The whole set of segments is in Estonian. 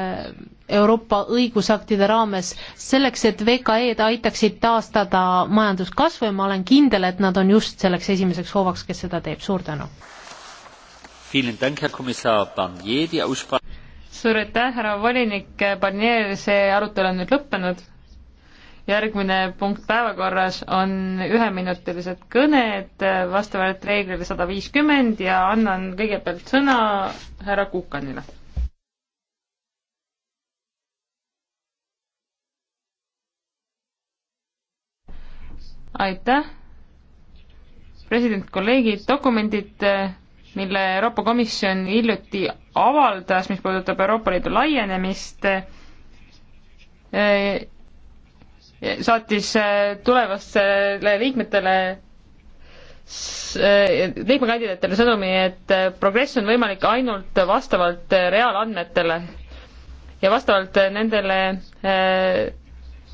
Äh, Euroopa õigusaktide raames selleks, et VKE-d aitaksid taastada majanduskasvu ja ma olen kindel, et nad on just selleks esimeseks hoovaks, kes seda teeb, suur tänu. suur aitäh, härra volinik Barnier, see arutelu on nüüd lõppenud. järgmine punkt päevakorras on üheminutilised kõned vastavalt reeglile sada viiskümmend ja annan kõigepealt sõna härra Kukanile aitäh, president, kolleegid, dokumendid, mille Euroopa Komisjon hiljuti avaldas, mis puudutab Euroopa Liidu laienemist, saatis eh, tulevastele liikmetele eh, liikmekandidaatidele sõnumi, et eh, progress on võimalik ainult vastavalt reaalandmetele ja vastavalt nendele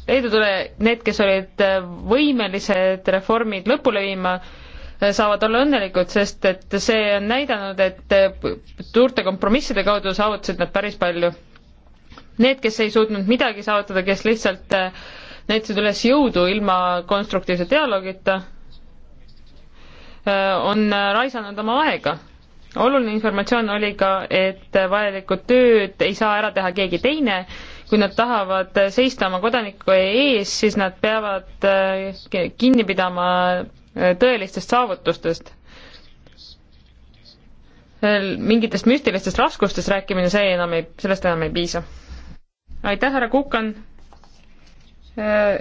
Leedu tule, need, kes olid äh, võimelised reformid lõpule viima, äh, saavad olla õnnelikud, sest et see on näidanud, et äh, suurte kompromisside kaudu saavutasid nad päris palju. Need, kes ei suutnud midagi saavutada, kes lihtsalt näitasid üles jõudu ilma konstruktiivse dialoogita, on raisanud oma aega. oluline informatsioon oli ka, et vajalikud tööd ei saa ära teha keegi teine, kui nad tahavad seista oma kodaniku ees, siis nad peavad äh, kinni pidama äh, tõelistest saavutustest. Äh, mingitest müstilistest raskustest rääkimine, see enam ei, sellest enam ei piisa. aitäh, härra Kukan.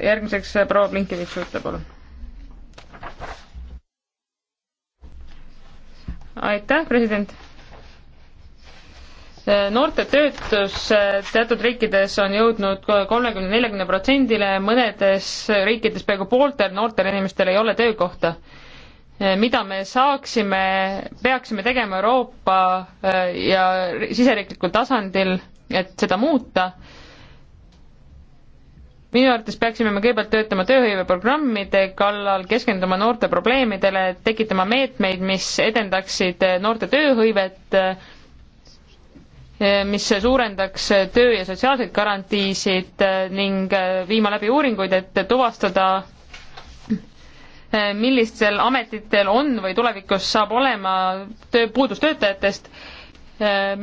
järgmiseks proua Blinkevitš Uute, palun. aitäh, president noorte töötus teatud riikides on jõudnud kolmekümne, neljakümne protsendile, mõnedes riikides peaaegu pooltel noortel inimestel ei ole töökohta. mida me saaksime, peaksime tegema Euroopa eh, ja siseriiklikul tasandil, et seda muuta? minu arvates peaksime me kõigepealt töötama tööhõiveprogrammide kallal, keskenduma noorte probleemidele, tekitama meetmeid, mis edendaksid noorte tööhõivet, Eh, mis suurendaks töö- ja sotsiaalseid garantiisid eh, ning eh, viima läbi uuringuid, et tuvastada, millistel ametitel on või tulevikus saab olema töö, puudus töötajatest,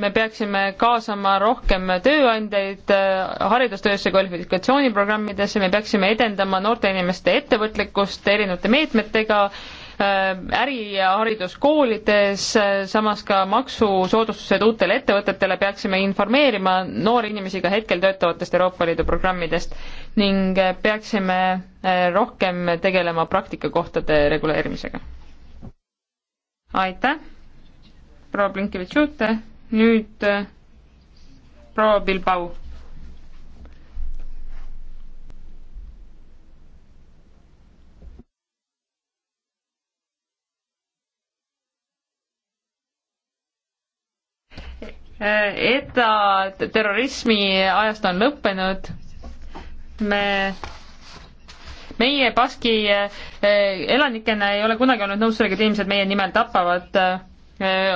me peaksime kaasama rohkem tööandjaid haridustöösse, kvalifikatsiooniprogrammidesse, me peaksime edendama noorte inimeste ettevõtlikkust erinevate meetmetega, Äh, äri ja haridus koolides, äh, samas ka maksusoodustused uutele ettevõtetele, peaksime informeerima noori inimesi ka hetkel töötavatest Euroopa Liidu programmidest ning äh, peaksime rohkem tegelema praktikakohtade reguleerimisega. aitäh, proua Blinkevitš-Jute, nüüd proua Bilbao ETA terrorismi ajast on lõppenud. me, meie Baski eh, elanikena ei ole kunagi olnud nõus sellega, et inimesed meie nimel tapavad. Eh,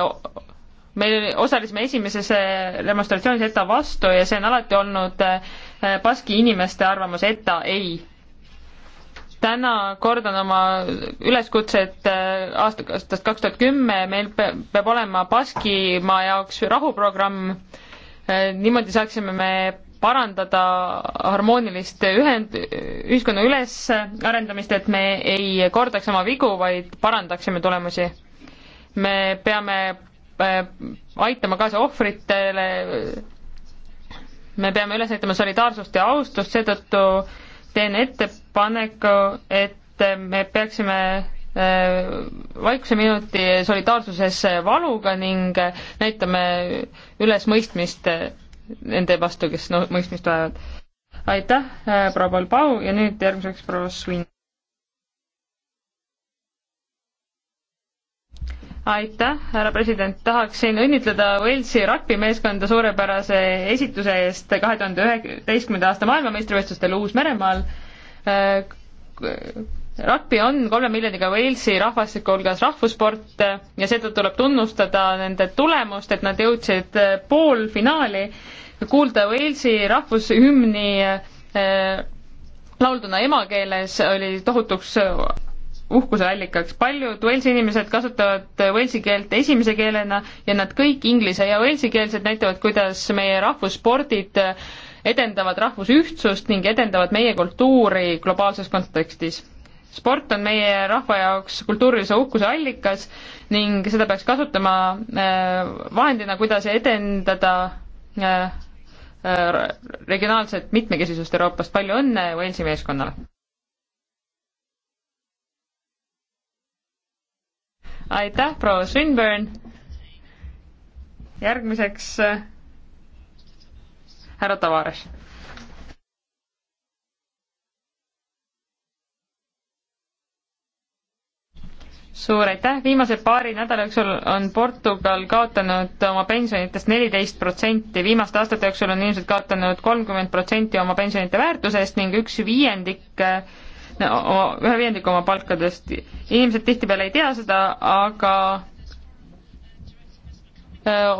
me osalesime esimeses eh, demonstratsioonis ETA vastu ja see on alati olnud Baski inimeste arvamus, ETA ei täna kordan oma üleskutset äh, aastast kaks tuhat kümme, meil peab olema Baskimaa jaoks rahuprogramm, äh, niimoodi saaksime me parandada harmoonilist ühend, ühiskonna ülesarendamist, et me ei kordaks oma vigu, vaid parandaksime tulemusi. me peame äh, aitama kaasa ohvritele, me peame üles näitama solidaarsust ja austust, seetõttu teen ettepaneku, et me peaksime äh, vaikuseminuti solidaarsuses valuga ning näitame üles mõistmist nende vastu, kes no mõistmist vajavad. aitäh, äh, proua Balbau ja nüüd järgmiseks proua Svin. aitäh, härra president, tahaksin õnnitleda Walesi rugbimeeskonda suurepärase esituse eest kahe tuhande üheteistkümnenda aasta maailmameistrivõistlustel Uus-Meremaal. Äh, rugby on kolme miljoniga Walesi rahvastiku hulgas rahvussport ja seetõttu tuleb tunnustada nende tulemust, et nad jõudsid äh, poolfinaali. kuulda Walesi rahvushümni äh, laulduna emakeeles oli tohutuks uhkuse allikaks. paljud Walesi inimesed kasutavad äh, Walesi keelt esimese keelena ja nad kõik inglise ja walesikeelsed näitavad, kuidas meie rahvusspordid äh, edendavad rahvusühtsust ning edendavad meie kultuuri globaalses kontekstis. sport on meie rahva jaoks kultuurilise uhkuse allikas ning seda peaks kasutama äh, vahendina, kuidas edendada regionaalset mitmekesisust Euroopast. palju õnne Walesi meeskonnale! aitäh, proua Swinburne. järgmiseks äh, härra Tavares. suur aitäh, viimase paari nädala jooksul on Portugal kaotanud oma pensionitest neliteist protsenti, viimaste aastate jooksul on inimesed kaotanud kolmkümmend protsenti oma pensionite väärtusest ning üks viiendik äh, ühe viiendiku oma palkadest. inimesed tihtipeale ei tea seda, aga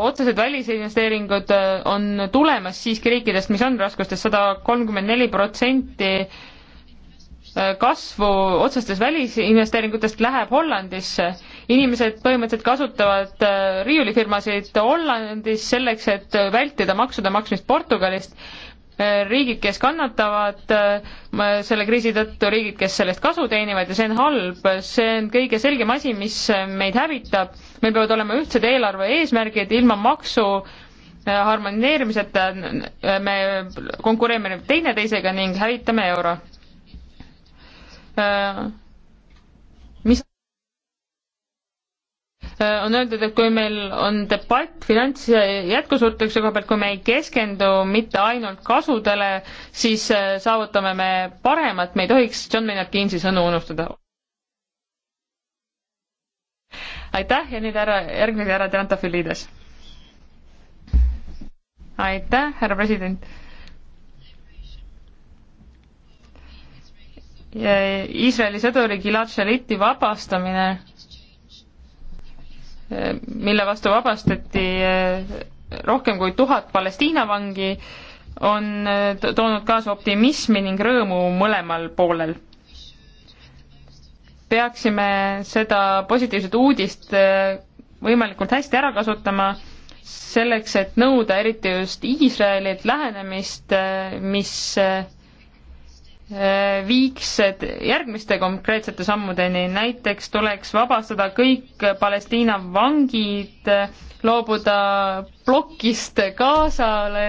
otsesed välisinvesteeringud on tulemas siiski riikidest, mis on raskustes, sada kolmkümmend neli protsenti kasvu otsestes välisinvesteeringutest läheb Hollandisse. inimesed põhimõtteliselt kasutavad riiulifirmasid Hollandis selleks, et vältida maksude maksmist Portugalist riigid, kes kannatavad äh, selle kriisi tõttu, riigid, kes sellest kasu teenivad ja see on halb, see on kõige selgem asi, mis meid hävitab. meil peavad olema ühtsed eelarve eesmärgid, ilma maksu äh, harmoneerimiseta me konkureerime teineteisega ning hävitame euro. Äh, Äh, on öeldud, et kui meil on debatt finants jätkusuutlikkuse koha pealt, kui me ei keskendu mitte ainult kasudele, siis äh, saavutame me paremat, me ei tohiks John Maynard Keynesi sõnu unustada. aitäh ja nüüd härra, järgmine härra Trantafilides. aitäh, härra president Iisraeli sõduri Gilad Shaliti vabastamine mille vastu vabastati eh, rohkem kui tuhat Palestiina vangi, on eh, toonud kaasa optimismi ning rõõmu mõlemal poolel. peaksime seda positiivset uudist eh, võimalikult hästi ära kasutama, selleks et nõuda eriti just Iisraelilt lähenemist, mis Äh, viiks järgmiste konkreetsete sammudeni, näiteks tuleks vabastada kõik Palestiina vangid, loobuda plokist Gazale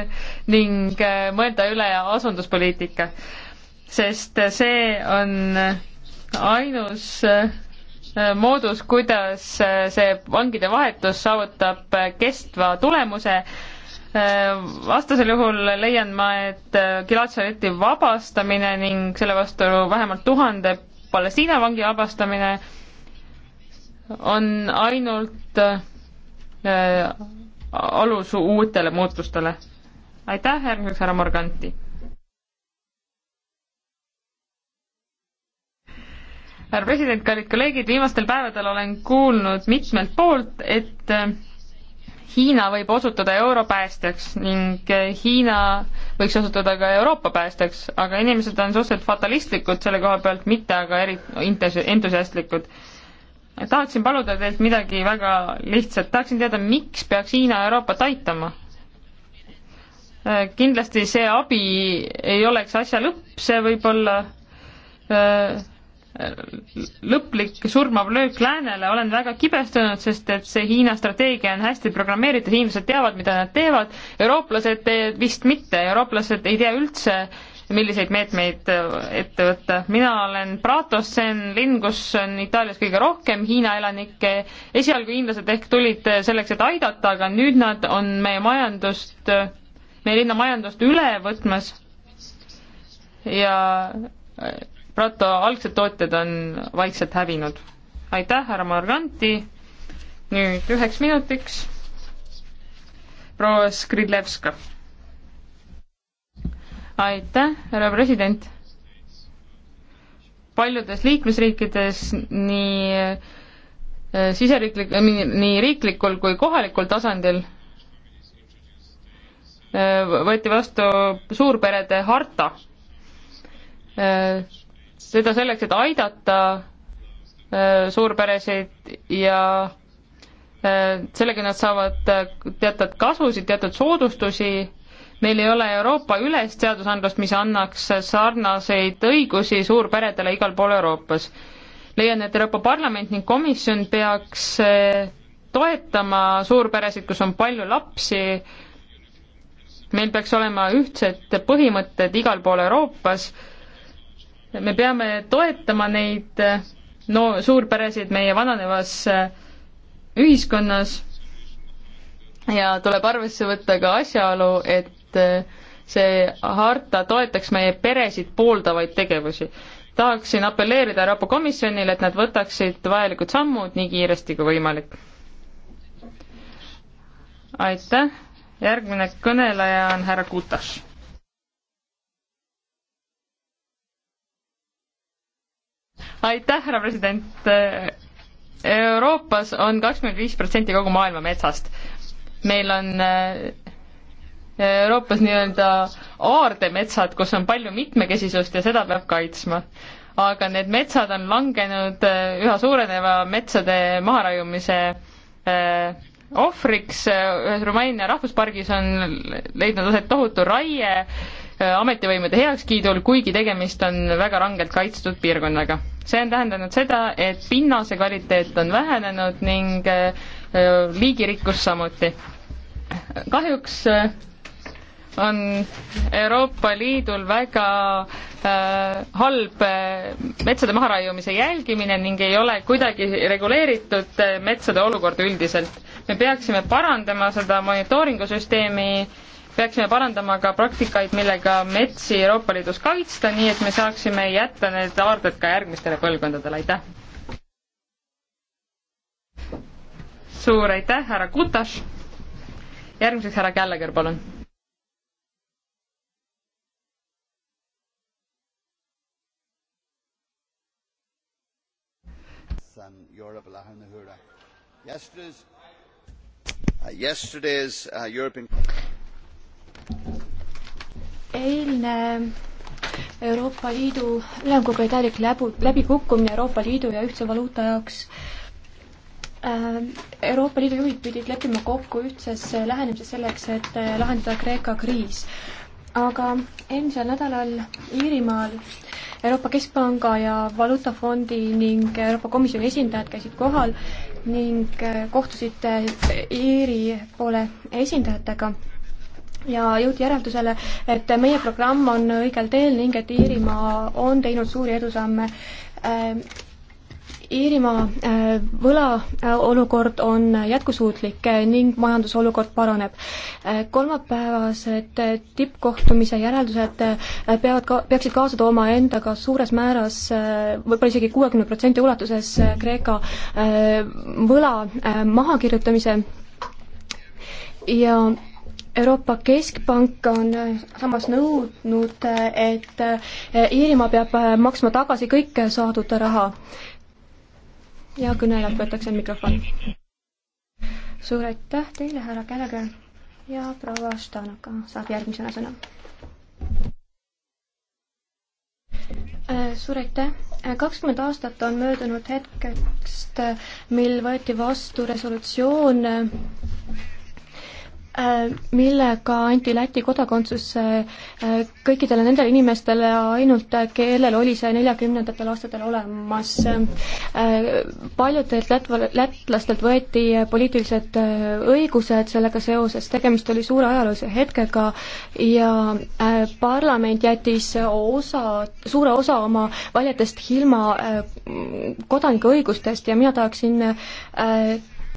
ning äh, mõelda üle asunduspoliitika. sest see on ainus äh, moodus, kuidas see vangide vahetus saavutab kestva tulemuse Äh, vastasel juhul leian ma, et Gilad äh, Šariti vabastamine ning selle vastu vähemalt tuhande Palestiina vangi vabastamine on ainult äh, alus uutele muutustele. aitäh, järgmiseks härra Morganti. härra president, kallid kolleegid, viimastel päevadel olen kuulnud mitmelt poolt, et Hiina võib osutuda Euro päästjaks ning Hiina võiks osutuda ka Euroopa päästjaks, aga inimesed on suhteliselt fatalistlikud selle koha pealt, mitte aga eri-, entusiastlikud. tahaksin paluda teilt midagi väga lihtsat, tahaksin teada, miks peaks Hiina Euroopat aitama? kindlasti see abi ei oleks asja lõpp, see võib olla äh, lõplik surmav löök läänele, olen väga kibestunud, sest et see Hiina strateegia on hästi programmeeritud, hiinlased teavad, mida nad teevad, eurooplased vist mitte, eurooplased ei tea üldse, milliseid meetmeid äh, ette võtta. mina olen Pratos, see on linn, kus on Itaalias kõige rohkem Hiina elanikke. esialgu hiinlased ehk tulid äh, selleks, et aidata, aga nüüd nad on meie majandust, äh, meie linna majandust üle võtmas ja NATO algsed tooted on vaikselt hävinud. aitäh, härra Morganti, nüüd üheks minutiks proua Skridlevska. aitäh, härra president. paljudes liikmesriikides nii äh, siseriiklik, nii riiklikul kui kohalikul tasandil äh, võeti vastu suurperede harta äh, seda selleks, et aidata äh, suurperesid ja äh, sellega nad saavad äh, teatud kasusid, teatud soodustusi, meil ei ole Euroopa ülest seadusandlust, mis annaks sarnaseid õigusi suurperedele igal pool Euroopas. leian, et Euroopa Parlament ning komisjon peaks toetama suurperesid, kus on palju lapsi, meil peaks olema ühtsed põhimõtted igal pool Euroopas me peame toetama neid äh, no suurperesid meie vananevas äh, ühiskonnas ja tuleb arvesse võtta ka asjaolu, et äh, see harta toetaks meie peresid pooldavaid tegevusi. tahaksin apelleerida Euroopa Komisjonile, et nad võtaksid vajalikud sammud nii kiiresti kui võimalik. aitäh, järgmine kõneleja on härra Kutas aitäh, härra president. Euroopas on kakskümmend viis protsenti kogu maailma metsast. meil on eh, Euroopas nii-öelda aardemetsad, kus on palju mitmekesisust ja seda peab kaitsma. aga need metsad on langenud eh, üha suureneva metsade maharaiumise eh, ohvriks, ühes Rumeenia rahvuspargis on leidnud aset tohutu raie, Äh, ametivõimude heakskiidul, kuigi tegemist on väga rangelt kaitstud piirkonnaga. see on tähendanud seda, et pinnase kvaliteet on vähenenud ning äh, äh, liigirikkus samuti. kahjuks on Euroopa Liidul väga äh, halb äh, metsade maharaiumise jälgimine ning ei ole kuidagi reguleeritud äh, metsade olukorda üldiselt. me peaksime parandama seda monitooringusüsteemi peaksime parandama ka praktikaid, millega metsi Euroopa Liidus kaitsta, nii et me saaksime jätta need aarded ka järgmistele põlvkondadele, aitäh! suur aitäh, härra Kutas! järgmiseks härra Källeger, palun! Uh, yesterday's uh, European eilne Euroopa Liidu ülemkogu täielik läbu, läbikukkumine Euroopa Liidu ja ühtse valuuta jaoks äh, Euroopa Liidu juhid pidid leppima kokku ühtses lähenemises selleks, et äh, lahendada Kreeka kriis. aga eelmisel nädalal Iirimaal Euroopa Keskpanga ja Valuutafondi ning Euroopa Komisjoni esindajad käisid kohal ning äh, kohtusid Iiri poole esindajatega ja jõuti järeldusele, et meie programm on õigel teel ning et Iirimaa on teinud suuri edusamme äh, Iirimaa äh, võlaolukord äh, on jätkusuutlik ning majandusolukord paraneb. kolmapäevased tippkohtumise järeldused peavad ka, peaksid kaasa tooma endaga suures määras võib-olla isegi kuuekümne protsendi ulatuses Kreeka võla mahakirjutamise ja Euroopa Keskpank on äh, samas nõudnud, äh, et äh, Iirimaa peab maksma tagasi kõik saadud raha. ja kõnelejalt võetakse mikrofon. suur aitäh teile, härra Käleger ja proua Štanaka saab järgmisena sõna. suur aitäh! kakskümmend aastat on möödunud hetkest, mil võeti vastu resolutsioon Äh, millega anti Läti kodakondsus äh, kõikidele nendele inimestele ainult, äh, kellel oli see neljakümnendatel aastatel olemas. paljudelt lätval-, lätlastelt võeti poliitilised õigused sellega seoses, tegemist oli suure ajaloolise hetkega ja parlament jättis osa, suure osa oma valijatest ilma kodanikuõigustest ja mina tahaksin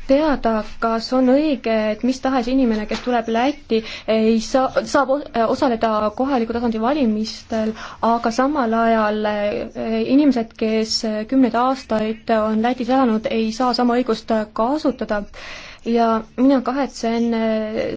teada, kas on õige, et mis tahes inimene, kes tuleb Lätti, ei saa, saab äh, osaleda kohaliku tasandi valimistel, aga samal ajal äh, inimesed, kes äh, kümneid aastaid on Lätis elanud, ei saa sama õigust kasutada ja mina kahetsen